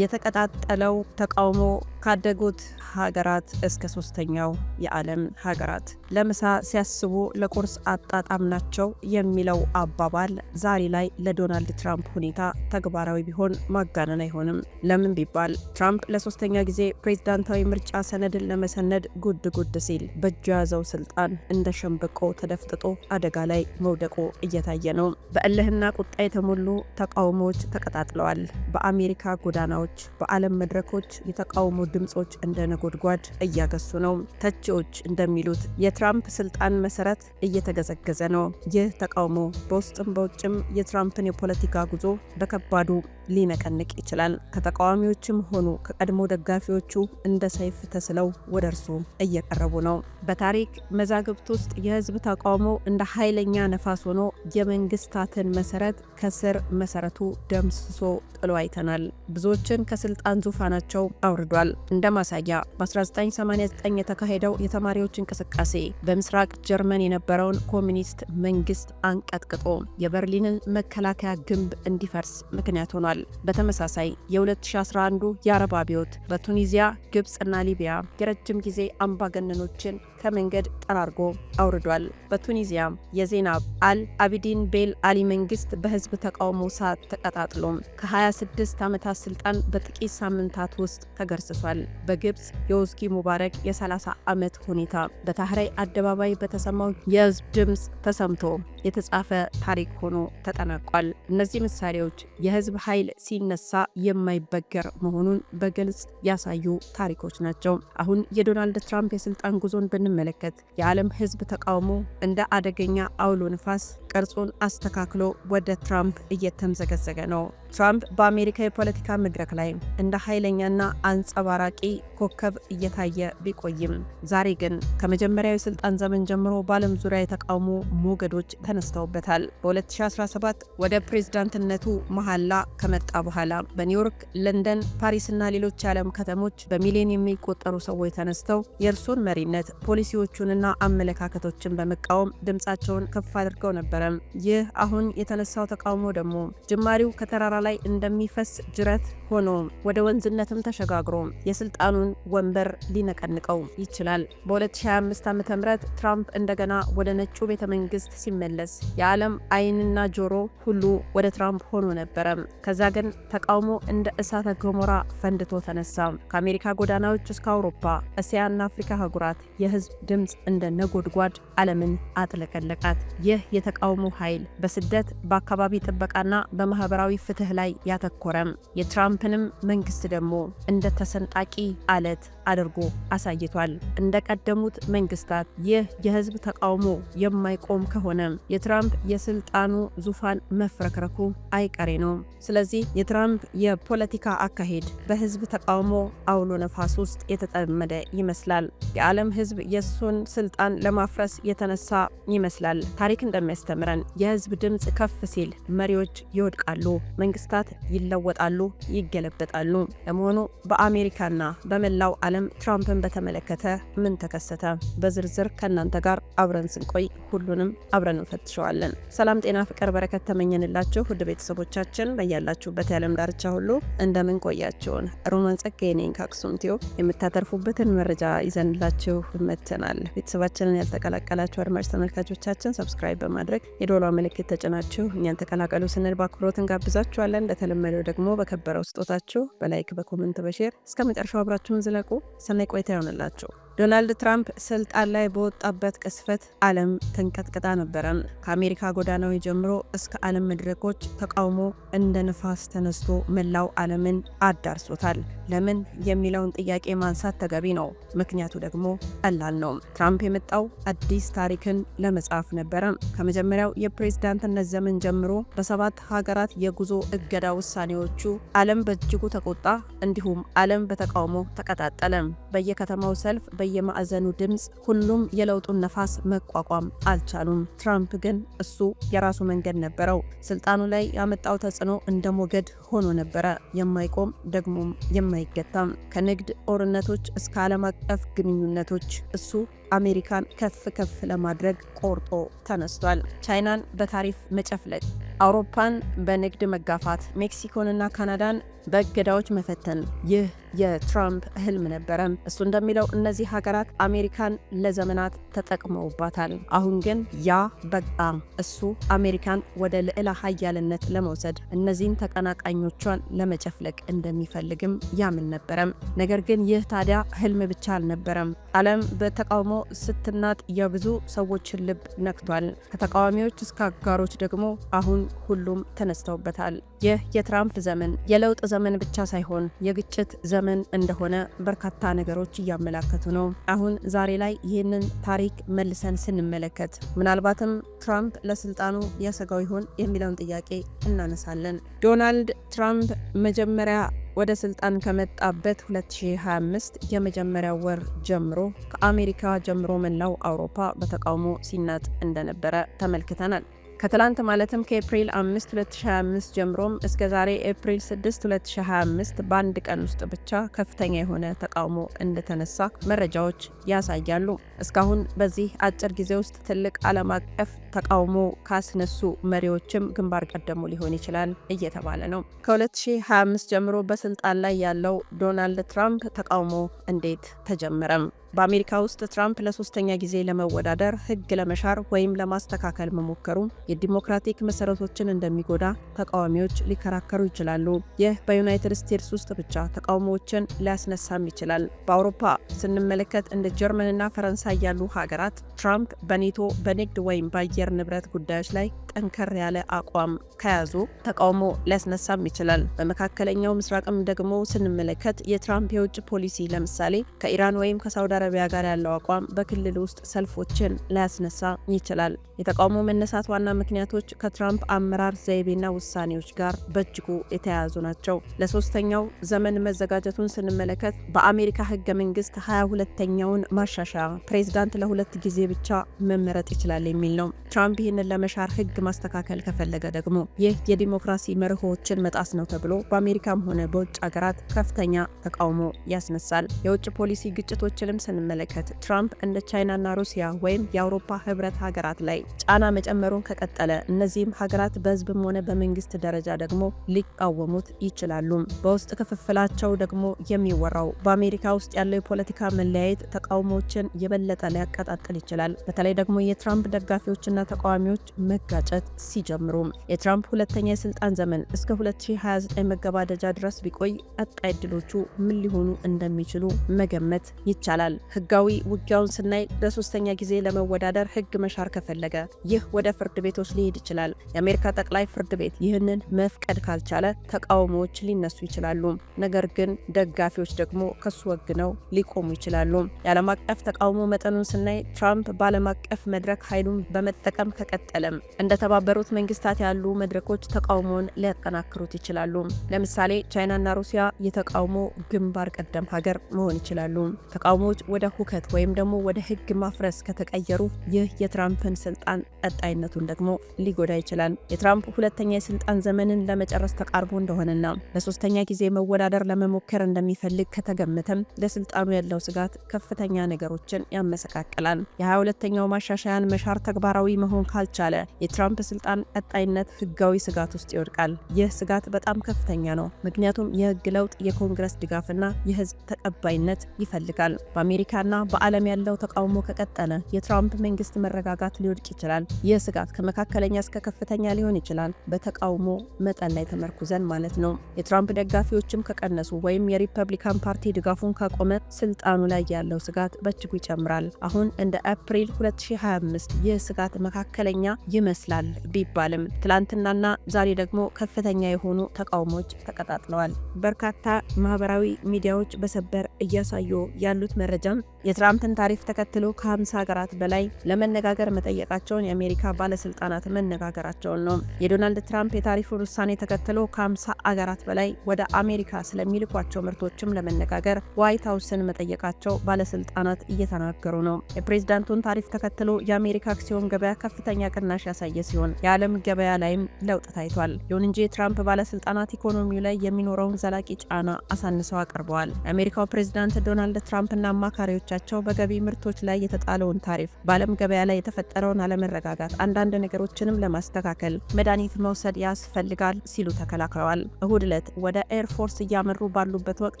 የተቀጣጠለው ተቃውሞ ካደጉት ሀገራት እስከ ሶስተኛው የዓለም ሀገራት ለምሳ ሲያስቡ ለቁርስ አጣጣም ናቸው የሚለው አባባል ዛሬ ላይ ለዶናልድ ትራምፕ ሁኔታ ተግባራዊ ቢሆን ማጋነን አይሆንም። ለምን ቢባል ትራምፕ ለሶስተኛ ጊዜ ፕሬዝዳንታዊ ምርጫ ሰነድን ለመሰነድ ጉድ ጉድ ሲል በእጁ የያዘው ስልጣን እንደ ሸምበቆ ተደፍጥጦ አደጋ ላይ መውደቁ እየታየ ነው። በእልህና ቁጣ የተሞሉ ተቃውሞዎች ተቀጣጥለዋል። በአሜሪካ ጎዳናዎች፣ በዓለም መድረኮች የተቃውሞ ድምጾች እንደ ጉድጓድ እያገሱ ነው። ተቺዎች እንደሚሉት የትራምፕ ስልጣን መሰረት እየተገዘገዘ ነው። ይህ ተቃውሞ በውስጥም በውጭም የትራምፕን የፖለቲካ ጉዞ በከባዱ ሊነቀንቅ ይችላል። ከተቃዋሚዎችም ሆኑ ከቀድሞ ደጋፊዎቹ እንደ ሰይፍ ተስለው ወደ እርሱ እየቀረቡ ነው። በታሪክ መዛግብት ውስጥ የህዝብ ተቃውሞ እንደ ኃይለኛ ነፋስ ሆኖ የመንግስታትን መሰረት ከስር መሰረቱ ደምስሶ ጥሎ አይተናል። ብዙዎችን ከስልጣን ዙፋናቸው አውርዷል። እንደ ማሳያ በ1989 የተካሄደው የተማሪዎች እንቅስቃሴ በምስራቅ ጀርመን የነበረውን ኮሚኒስት መንግስት አንቀጥቅጦ የበርሊንን መከላከያ ግንብ እንዲፈርስ ምክንያት ሆኗል። በተመሳሳይ የ2011 የአረብ አብዮት በቱኒዚያ ግብፅና ሊቢያ የረጅም ጊዜ አምባገነኖችን ከመንገድ ጠራርጎ አውርዷል። በቱኒዚያም የዜናብ አል አቢዲን ቤል አሊ መንግስት በህዝብ ተቃውሞ ሰዓት ተቀጣጥሎ ከ26 ዓመታት ስልጣን በጥቂት ሳምንታት ውስጥ ተገርስሷል። በግብፅ የውዝጊ ሙባረክ የ30 ዓመት ሁኔታ በታህራይ አደባባይ በተሰማው የህዝብ ድምፅ ተሰምቶ የተጻፈ ታሪክ ሆኖ ተጠናቋል። እነዚህ ምሳሌዎች የህዝብ ኃይል ሲነሳ የማይበገር መሆኑን በግልጽ ያሳዩ ታሪኮች ናቸው። አሁን የዶናልድ ትራምፕ የስልጣን ጉዞን ብን ስንመለከት የዓለም ሕዝብ ተቃውሞ እንደ አደገኛ አውሎ ንፋስ ቅርጹን አስተካክሎ ወደ ትራምፕ እየተምዘገዘገ ነው። ትራምፕ በአሜሪካ የፖለቲካ መድረክ ላይ እንደ ኃይለኛና አንጸባራቂ ኮከብ እየታየ ቢቆይም ዛሬ ግን ከመጀመሪያው የስልጣን ዘመን ጀምሮ በዓለም ዙሪያ የተቃውሞ ሞገዶች ተነስተውበታል። በ2017 ወደ ፕሬዝዳንትነቱ መሐላ ከመጣ በኋላ በኒውዮርክ፣ ለንደን፣ ፓሪስና ሌሎች የዓለም ከተሞች በሚሊዮን የሚቆጠሩ ሰዎች ተነስተው የእርሱን መሪነት ፖሊሲዎቹንና አመለካከቶችን በመቃወም ድምፃቸውን ከፍ አድርገው ነበረ። አልነበረም። ይህ አሁን የተነሳው ተቃውሞ ደግሞ ጅማሬው ከተራራ ላይ እንደሚፈስ ጅረት ሆኖ ወደ ወንዝነትም ተሸጋግሮ የስልጣኑን ወንበር ሊነቀንቀው ይችላል። በ2025 ዓ ም ትራምፕ እንደገና ወደ ነጩ ቤተ መንግስት ሲመለስ የዓለም አይንና ጆሮ ሁሉ ወደ ትራምፕ ሆኖ ነበረ። ከዛ ግን ተቃውሞ እንደ እሳተ ገሞራ ፈንድቶ ተነሳ። ከአሜሪካ ጎዳናዎች እስከ አውሮፓ፣ እስያና አፍሪካ አህጉራት የህዝብ ድምፅ እንደ ነጎድጓድ ዓለምን አጥለቀለቃት። ይህ የተቃ የተቃውሞ ኃይል በስደት በአካባቢ ጥበቃና በማህበራዊ ፍትህ ላይ ያተኮረም የትራምፕንም መንግስት ደግሞ እንደ ተሰንጣቂ አለት አድርጎ አሳይቷል። እንደ ቀደሙት መንግስታት ይህ የህዝብ ተቃውሞ የማይቆም ከሆነ የትራምፕ የስልጣኑ ዙፋን መፍረክረኩ አይቀሬ ነው። ስለዚህ የትራምፕ የፖለቲካ አካሄድ በህዝብ ተቃውሞ አውሎ ነፋስ ውስጥ የተጠመደ ይመስላል። የዓለም ህዝብ የእሱን ስልጣን ለማፍረስ የተነሳ ይመስላል። ታሪክ እንደሚያስተምር ጀምረን የህዝብ ድምፅ ከፍ ሲል መሪዎች ይወድቃሉ፣ መንግስታት ይለወጣሉ፣ ይገለበጣሉ። ለመሆኑ በአሜሪካና በመላው ዓለም ትራምፕን በተመለከተ ምን ተከሰተ? በዝርዝር ከእናንተ ጋር አብረን ስንቆይ ሁሉንም አብረን እንፈትሸዋለን። ሰላም፣ ጤና፣ ፍቅር፣ በረከት ተመኘንላችሁ ውድ ቤተሰቦቻችን በያላችሁበት የዓለም ዳርቻ ሁሉ እንደምን ቆያችሁን? ሮማን ጸጋዬ ነኝ ከአክሱም ቲዩብ የምታተርፉበትን መረጃ ይዘንላችሁ መተናል። ቤተሰባችንን ያልተቀላቀላችሁ አድማጭ ተመልካቾቻችን ሰብስክራይብ በማድረግ የዶሏ ምልክት ተጭናችሁ እኛን ተቀላቀሉ ስንል በአክብሮት እንጋብዛችኋለን። እንደተለመደው ደግሞ በከበረው ስጦታችሁ በላይክ በኮመንት በሼር እስከ መጨረሻው አብራችሁን ዝለቁ። ሰናይ ቆይታ ይሆንላችሁ። ዶናልድ ትራምፕ ስልጣን ላይ በወጣበት ቅስፈት ዓለም ተንቀጥቅጣ ነበረ። ከአሜሪካ ጎዳናዊ ጀምሮ እስከ ዓለም መድረኮች ተቃውሞ እንደ ንፋስ ተነስቶ መላው ዓለምን አዳርሶታል። ለምን የሚለውን ጥያቄ ማንሳት ተገቢ ነው። ምክንያቱ ደግሞ ቀላል ነው። ትራምፕ የመጣው አዲስ ታሪክን ለመጻፍ ነበረ። ከመጀመሪያው የፕሬዝዳንትነት ዘመን ጀምሮ በሰባት ሀገራት የጉዞ እገዳ ውሳኔዎቹ ዓለም በእጅጉ ተቆጣ። እንዲሁም ዓለም በተቃውሞ ተቀጣጠለ። በየከተማው ሰልፍ በየማዕዘኑ ድምፅ፣ ሁሉም የለውጡን ነፋስ መቋቋም አልቻሉም። ትራምፕ ግን እሱ የራሱ መንገድ ነበረው። ስልጣኑ ላይ ያመጣው ተጽዕኖ እንደ ሞገድ ሆኖ ነበረ፣ የማይቆም ደግሞም የማይገታም። ከንግድ ጦርነቶች እስከ ዓለም አቀፍ ግንኙነቶች እሱ አሜሪካን ከፍ ከፍ ለማድረግ ቆርጦ ተነስቷል። ቻይናን በታሪፍ መጨፍለቅ፣ አውሮፓን በንግድ መጋፋት፣ ሜክሲኮንና ካናዳን በእገዳዎች መፈተን ይህ የትራምፕ ህልም ነበረም። እሱ እንደሚለው እነዚህ ሀገራት አሜሪካን ለዘመናት ተጠቅመውባታል። አሁን ግን ያ በቃ። እሱ አሜሪካን ወደ ልዕለ ሀያልነት ለመውሰድ እነዚህን ተቀናቃኞቿን ለመጨፍለቅ እንደሚፈልግም ያምን ነበረም። ነገር ግን ይህ ታዲያ ህልም ብቻ አልነበረም። ዓለም በተቃውሞ ስትናጥ የብዙ ሰዎችን ልብ ነክቷል። ከተቃዋሚዎች እስከ አጋሮች ደግሞ አሁን ሁሉም ተነስተውበታል። ይህ የትራምፕ ዘመን የለውጥ ዘመን ብቻ ሳይሆን የግጭት ዘመን እንደሆነ በርካታ ነገሮች እያመላከቱ ነው። አሁን ዛሬ ላይ ይህንን ታሪክ መልሰን ስንመለከት ምናልባትም ትራምፕ ለስልጣኑ ያሰጋው ይሆን የሚለውን ጥያቄ እናነሳለን። ዶናልድ ትራምፕ መጀመሪያ ወደ ስልጣን ከመጣበት 2025 የመጀመሪያው ወር ጀምሮ ከአሜሪካ ጀምሮ መላው አውሮፓ በተቃውሞ ሲናጥ እንደነበረ ተመልክተናል። ከትላንት ማለትም ከኤፕሪል 5 2025 ጀምሮም እስከ ዛሬ ኤፕሪል 6 2025 በአንድ ቀን ውስጥ ብቻ ከፍተኛ የሆነ ተቃውሞ እንደተነሳ መረጃዎች ያሳያሉ። እስካሁን በዚህ አጭር ጊዜ ውስጥ ትልቅ ዓለም አቀፍ ተቃውሞ ካስነሱ መሪዎችም ግንባር ቀደሙ ሊሆን ይችላል እየተባለ ነው። ከ2025 ጀምሮ በስልጣን ላይ ያለው ዶናልድ ትራምፕ ተቃውሞ እንዴት ተጀመረም? በአሜሪካ ውስጥ ትራምፕ ለሶስተኛ ጊዜ ለመወዳደር ህግ ለመሻር ወይም ለማስተካከል መሞከሩ የዲሞክራቲክ መሰረቶችን እንደሚጎዳ ተቃዋሚዎች ሊከራከሩ ይችላሉ። ይህ በዩናይትድ ስቴትስ ውስጥ ብቻ ተቃውሞዎችን ሊያስነሳም ይችላል። በአውሮፓ ስንመለከት እንደ ጀርመንና ፈረንሳይ ያሉ ሀገራት ትራምፕ በኔቶ በንግድ ወይም በአየር ንብረት ጉዳዮች ላይ ጠንከር ያለ አቋም ከያዙ ተቃውሞ ሊያስነሳም ይችላል። በመካከለኛው ምስራቅም ደግሞ ስንመለከት የትራምፕ የውጭ ፖሊሲ ለምሳሌ ከኢራን ወይም ከሳውዲ አረቢያ ጋር ያለው አቋም በክልል ውስጥ ሰልፎችን ሊያስነሳ ይችላል። የተቃውሞ መነሳት ዋና ምክንያቶች ከትራምፕ አመራር ዘይቤና ውሳኔዎች ጋር በእጅጉ የተያያዙ ናቸው። ለሶስተኛው ዘመን መዘጋጀቱን ስንመለከት በአሜሪካ ህገ መንግስት 22 ሁለተኛውን ማሻሻያ ፕሬዚዳንት ለሁለት ጊዜ ብቻ መመረጥ ይችላል የሚል ነው። ትራምፕ ይህንን ለመሻር ህግ ማስተካከል ከፈለገ ደግሞ ይህ የዲሞክራሲ መርሆዎችን መጣስ ነው ተብሎ በአሜሪካም ሆነ በውጭ ሀገራት ከፍተኛ ተቃውሞ ያስነሳል። የውጭ ፖሊሲ ግጭቶችንም ስንመለከት ትራምፕ እንደ ቻይናና ሩሲያ ወይም የአውሮፓ ህብረት ሀገራት ላይ ጫና መጨመሩን ከቀ ቀጠለ። እነዚህም ሀገራት በህዝብም ሆነ በመንግስት ደረጃ ደግሞ ሊቃወሙት ይችላሉ። በውስጥ ክፍፍላቸው ደግሞ የሚወራው በአሜሪካ ውስጥ ያለው የፖለቲካ መለያየት ተቃውሞዎችን የበለጠ ሊያቀጣጥል ይችላል። በተለይ ደግሞ የትራምፕ ደጋፊዎችና ተቃዋሚዎች መጋጨት ሲጀምሩ የትራምፕ ሁለተኛ የስልጣን ዘመን እስከ 2029 መገባደጃ ድረስ ቢቆይ ቀጣይ እድሎቹ ምን ሊሆኑ እንደሚችሉ መገመት ይቻላል። ህጋዊ ውጊያውን ስናይ ለሶስተኛ ጊዜ ለመወዳደር ህግ መሻር ከፈለገ ይህ ወደ ፍርድ ቤት ቤቶች ሊሄድ ይችላል። የአሜሪካ ጠቅላይ ፍርድ ቤት ይህንን መፍቀድ ካልቻለ ተቃውሞዎች ሊነሱ ይችላሉ። ነገር ግን ደጋፊዎች ደግሞ ከሱ ወግነው ሊቆሙ ይችላሉ። የዓለም አቀፍ ተቃውሞ መጠኑን ስናይ ትራምፕ በዓለም አቀፍ መድረክ ኃይሉን በመጠቀም ከቀጠለም እንደተባበሩት መንግስታት ያሉ መድረኮች ተቃውሞውን ሊያጠናክሩት ይችላሉ። ለምሳሌ ቻይናና ሩሲያ የተቃውሞ ግንባር ቀደም ሀገር መሆን ይችላሉ። ተቃውሞዎች ወደ ሁከት ወይም ደግሞ ወደ ህግ ማፍረስ ከተቀየሩ ይህ የትራምፕን ስልጣን ቀጣይነቱን ደግሞ ደግሞ ሊጎዳ ይችላል። የትራምፕ ሁለተኛ የስልጣን ዘመንን ለመጨረስ ተቃርቦ እንደሆነና ለሶስተኛ ጊዜ መወዳደር ለመሞከር እንደሚፈልግ ከተገመተም ለስልጣኑ ያለው ስጋት ከፍተኛ ነገሮችን ያመሰቃቅላል። የ22ኛው ማሻሻያን መሻር ተግባራዊ መሆን ካልቻለ የትራምፕ ስልጣን ቀጣይነት ህጋዊ ስጋት ውስጥ ይወድቃል። ይህ ስጋት በጣም ከፍተኛ ነው፣ ምክንያቱም የህግ ለውጥ የኮንግረስ ድጋፍና የህዝብ ተቀባይነት ይፈልጋል። በአሜሪካና በዓለም ያለው ተቃውሞ ከቀጠለ የትራምፕ መንግስት መረጋጋት ሊወድቅ ይችላል። ይህ ስጋት ከመካከለኛ እስከ ከፍተኛ ሊሆን ይችላል፣ በተቃውሞ መጠን ላይ ተመርኩዘን ማለት ነው። የትራምፕ ደጋፊዎችም ከቀነሱ ወይም የሪፐብሊካን ፓርቲ ድጋፉን ካቆመ ስልጣኑ ላይ ያለው ስጋት በእጅጉ ይጨምራል። አሁን እንደ አፕሪል 2025 ይህ ስጋት መካከለኛ ይመስላል ቢባልም ትላንትናና ዛሬ ደግሞ ከፍተኛ የሆኑ ተቃውሞዎች ተቀጣጥለዋል። በርካታ ማህበራዊ ሚዲያዎች በሰበር እያሳዩ ያሉት መረጃም የትራምፕን ታሪፍ ተከትሎ ከ50 ሀገራት በላይ ለመነጋገር መጠየቃቸውን የአሜሪካ ባለስልጣናት መነጋገራቸውን ነው። የዶናልድ ትራምፕ የታሪፉን ውሳኔ ተከትሎ ከ50 አገራት በላይ ወደ አሜሪካ ስለሚልኳቸው ምርቶችም ለመነጋገር ዋይት ሀውስን መጠየቃቸው ባለስልጣናት እየተናገሩ ነው። የፕሬዝዳንቱን ታሪፍ ተከትሎ የአሜሪካ አክሲዮን ገበያ ከፍተኛ ቅናሽ ያሳየ ሲሆን የዓለም ገበያ ላይም ለውጥ ታይቷል። ይሁን እንጂ የትራምፕ ባለስልጣናት ኢኮኖሚው ላይ የሚኖረውን ዘላቂ ጫና አሳንሰው አቅርበዋል። የአሜሪካው ፕሬዝዳንት ዶናልድ ትራምፕና አማካሪዎች ደንበኞቻቸው በገቢ ምርቶች ላይ የተጣለውን ታሪፍ፣ በዓለም ገበያ ላይ የተፈጠረውን አለመረጋጋት፣ አንዳንድ ነገሮችንም ለማስተካከል መድኃኒት መውሰድ ያስፈልጋል ሲሉ ተከላክለዋል። እሁድ ዕለት ወደ ኤርፎርስ እያመሩ ባሉበት ወቅት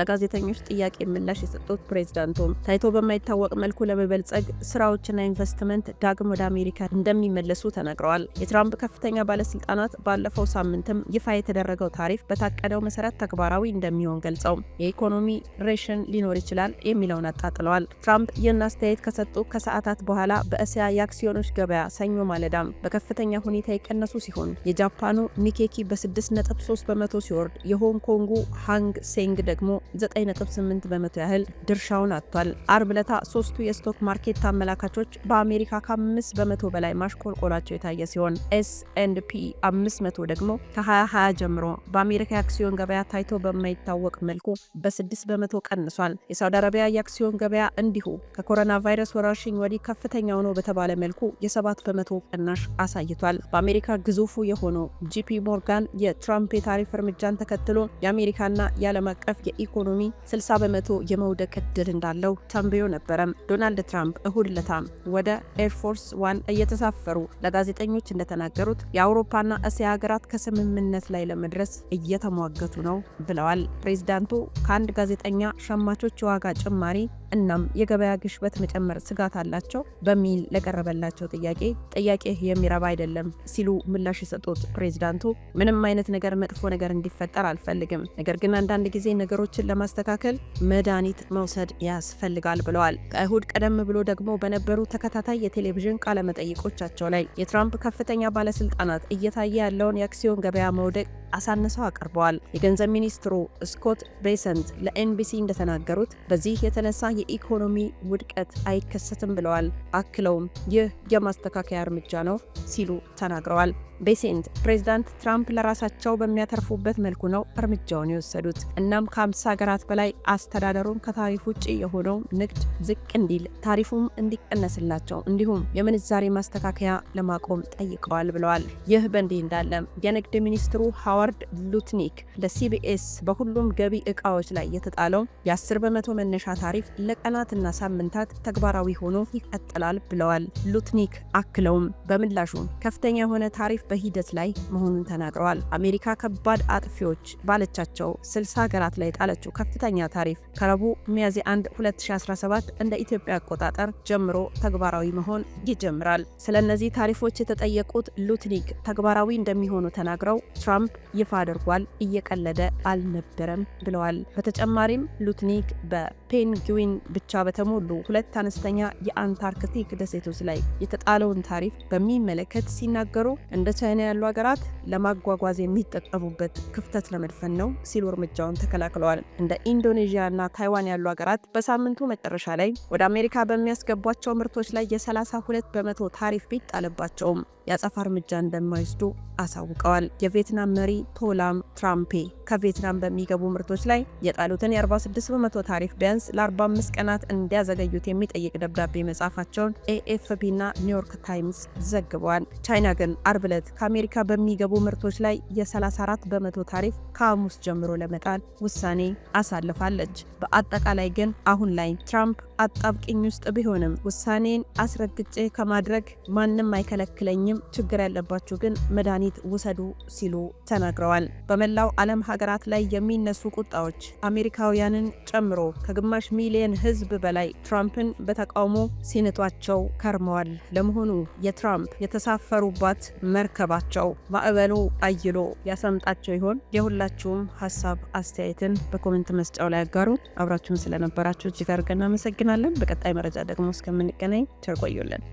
ለጋዜጠኞች ጥያቄ ምላሽ የሰጡት ፕሬዝዳንቱም ታይቶ በማይታወቅ መልኩ ለመበልጸግ ስራዎችና ኢንቨስትመንት ዳግም ወደ አሜሪካ እንደሚመለሱ ተነግረዋል። የትራምፕ ከፍተኛ ባለስልጣናት ባለፈው ሳምንትም ይፋ የተደረገው ታሪፍ በታቀደው መሰረት ተግባራዊ እንደሚሆን ገልጸው የኢኮኖሚ ሬሽን ሊኖር ይችላል የሚለውን አጣጥለዋል። ዶናልድ ትራምፕ ይህን አስተያየት ከሰጡ ከሰዓታት በኋላ በእስያ የአክሲዮኖች ገበያ ሰኞ ማለዳም በከፍተኛ ሁኔታ የቀነሱ ሲሆን የጃፓኑ ኒኬኪ በ6.3 በመቶ ሲወርድ የሆንግ ኮንጉ ሃንግ ሴንግ ደግሞ 9.8 በመቶ ያህል ድርሻውን አጥቷል። አርብ ሶስቱ የስቶክ ማርኬት አመላካቾች በአሜሪካ ከ5 በመቶ በላይ ማሽቆልቆላቸው የታየ ሲሆን ኤስ 500 ደግሞ ከ2020 ጀምሮ በአሜሪካ የአክሲዮን ገበያ ታይቶ በማይታወቅ መልኩ በ6 በመቶ ቀንሷል። የሳውዲ አረቢያ የአክሲዮን ገበያ እንዲሁ ከኮሮና ቫይረስ ወረርሽኝ ወዲህ ከፍተኛው ነው በተባለ መልኩ የሰባት በመቶ ቅናሽ አሳይቷል። በአሜሪካ ግዙፉ የሆነው ጂፒ ሞርጋን የትራምፕ የታሪፍ እርምጃን ተከትሎ የአሜሪካና የዓለም አቀፍ የኢኮኖሚ 60 በመቶ የመውደቅ እድል እንዳለው ተንብዮ ነበረም። ዶናልድ ትራምፕ እሁድ ለታም ወደ ኤርፎርስ ዋን እየተሳፈሩ ለጋዜጠኞች እንደተናገሩት የአውሮፓና እስያ ሀገራት ከስምምነት ላይ ለመድረስ እየተሟገቱ ነው ብለዋል። ፕሬዚዳንቱ ከአንድ ጋዜጠኛ ሸማቾች የዋጋ ጭማሪ እና እናም የገበያ ግሽበት መጨመር ስጋት አላቸው በሚል ለቀረበላቸው ጥያቄ ጥያቄ የሚረባ አይደለም ሲሉ ምላሽ የሰጡት ፕሬዚዳንቱ ምንም አይነት ነገር መጥፎ ነገር እንዲፈጠር አልፈልግም፣ ነገር ግን አንዳንድ ጊዜ ነገሮችን ለማስተካከል መድኃኒት መውሰድ ያስፈልጋል ብለዋል። ከእሁድ ቀደም ብሎ ደግሞ በነበሩ ተከታታይ የቴሌቪዥን ቃለመጠይቆቻቸው ላይ የትራምፕ ከፍተኛ ባለስልጣናት እየታየ ያለውን የአክሲዮን ገበያ መውደቅ አሳንሰው አቅርበዋል። የገንዘብ ሚኒስትሩ ስኮት ብሬሰንት ለኤንቢሲ እንደተናገሩት በዚህ የተነሳ የኢኮኖሚ ውድቀት አይከሰትም ብለዋል። አክለውም ይህ የማስተካከያ እርምጃ ነው ሲሉ ተናግረዋል። ቤሴንት ፕሬዚዳንት ትራምፕ ለራሳቸው በሚያተርፉበት መልኩ ነው እርምጃውን የወሰዱት። እናም ከ50 ሀገራት በላይ አስተዳደሩን ከታሪፍ ውጭ የሆነው ንግድ ዝቅ እንዲል፣ ታሪፉም እንዲቀነስላቸው እንዲሁም የምንዛሬ ማስተካከያ ለማቆም ጠይቀዋል ብለዋል። ይህ በእንዲህ እንዳለም የንግድ ሚኒስትሩ ሃዋርድ ሉትኒክ ለሲቢኤስ በሁሉም ገቢ እቃዎች ላይ የተጣለው የ10 በመቶ መነሻ ታሪፍ ለቀናትና ሳምንታት ተግባራዊ ሆኖ ይቀጥላል ብለዋል። ሉትኒክ አክለውም በምላሹ ከፍተኛ የሆነ ታሪፍ በሂደት ላይ መሆኑን ተናግረዋል። አሜሪካ ከባድ አጥፊዎች ባለቻቸው 60 ሀገራት ላይ ጣለችው ከፍተኛ ታሪፍ ከረቡዕ ሚያዝያ 1 2017 እንደ ኢትዮጵያ አቆጣጠር ጀምሮ ተግባራዊ መሆን ይጀምራል። ስለ እነዚህ ታሪፎች የተጠየቁት ሉትኒክ ተግባራዊ እንደሚሆኑ ተናግረው ትራምፕ ይፋ አድርጓል፣ እየቀለደ አልነበረም ብለዋል። በተጨማሪም ሉትኒክ በ ፔንግዊን ብቻ በተሞሉ ሁለት አነስተኛ የአንታርክቲክ ደሴቶች ላይ የተጣለውን ታሪፍ በሚመለከት ሲናገሩ እንደ ቻይና ያሉ ሀገራት ለማጓጓዝ የሚጠቀሙበት ክፍተት ለመድፈን ነው ሲሉ እርምጃውን ተከላክለዋል። እንደ ኢንዶኔዥያ እና ታይዋን ያሉ ሀገራት በሳምንቱ መጨረሻ ላይ ወደ አሜሪካ በሚያስገቧቸው ምርቶች ላይ የ32 በመቶ ታሪፍ ቢጣለባቸውም የአጸፋ እርምጃ እንደማይወስዱ አሳውቀዋል። የቪየትናም መሪ ቶላም ትራምፔ ከቪየትናም በሚገቡ ምርቶች ላይ የጣሉትን የ46 በመቶ ታሪፍ ቢያንስ ለ45 ቀናት እንዲያዘገዩት የሚጠይቅ ደብዳቤ መጻፋቸውን ኤኤፍፒ እና ኒውዮርክ ታይምስ ዘግበዋል። ቻይና ግን አርብ ዕለት ከአሜሪካ በሚገቡ ምርቶች ላይ የ34 በመቶ ታሪፍ ከሐሙስ ጀምሮ ለመጣል ውሳኔ አሳልፋለች። በአጠቃላይ ግን አሁን ላይ ትራምፕ አጣብቅኝ ውስጥ ቢሆንም ውሳኔን አስረግጬ ከማድረግ ማንም አይከለክለኝም፣ ችግር ያለባችሁ ግን መድኃኒት ውሰዱ ሲሉ ተናግረዋል። በመላው ዓለም ሀገራት ላይ የሚነሱ ቁጣዎች አሜሪካውያንን ጨምሮ ከግማሽ ሚሊየን ህዝብ በላይ ትራምፕን በተቃውሞ ሲንቷቸው ከርመዋል። ለመሆኑ የትራምፕ የተሳፈሩባት መርከባቸው ማዕበሉ አይሎ ያሰምጣቸው ይሆን? የሁላችሁም ሀሳብ አስተያየትን በኮሜንት መስጫው ላይ አጋሩ። አብራችሁን ስለነበራችሁ እጅግ አድርገን እናመሰግናለን። በቀጣይ መረጃ ደግሞ እስከምንገናኝ ቸር ቆዩልን።